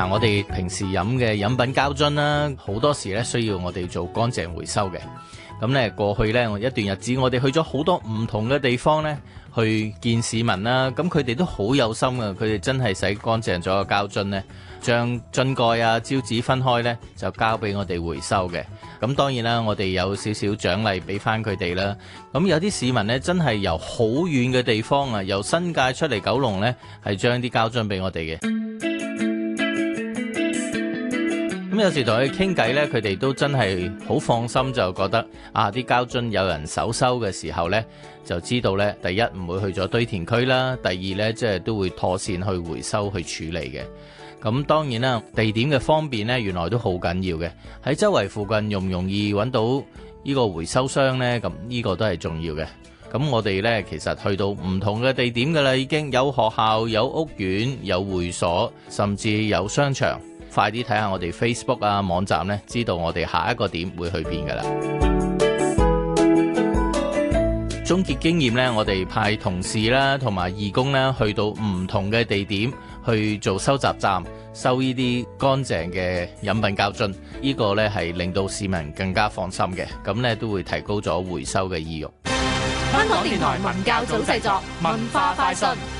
嗱，我哋平時飲嘅飲品膠樽啦，好多時咧需要我哋做乾淨回收嘅。咁咧過去咧一段日子，我哋去咗好多唔同嘅地方咧，去見市民啦。咁佢哋都好有心啊，佢哋真係洗乾淨咗個膠樽咧，將樽蓋啊、招紙分開咧，就交俾我哋回收嘅。咁當然啦，我哋有少少獎勵俾翻佢哋啦。咁有啲市民咧，真係由好遠嘅地方啊，由新界出嚟九龍咧，係將啲膠樽俾我哋嘅。有時同佢傾偈，呢佢哋都真係好放心，就覺得啊，啲膠樽有人手收嘅時候呢，就知道呢第一唔會去咗堆填區啦，第二呢即係都會妥善去回收去處理嘅。咁當然啦，地點嘅方便呢，原來都好緊要嘅。喺周圍附近容唔容易揾到呢個回收箱呢？咁呢個都係重要嘅。咁我哋呢，其實去到唔同嘅地點噶啦，已經有學校、有屋苑、有會所，甚至有商場。快啲睇下我哋 Facebook 啊，網站呢，知道我哋下一個點會去邊㗎喇。 總結經驗呢，我哋派同事啦同埋義工呢，去到唔同嘅地點去做收集站，收呢啲乾淨嘅飲品膠樽，呢、呢個呢係令到市民更加放心嘅，咁呢都會提高咗回收嘅意欲。香港電台文教組製作，文化快訊。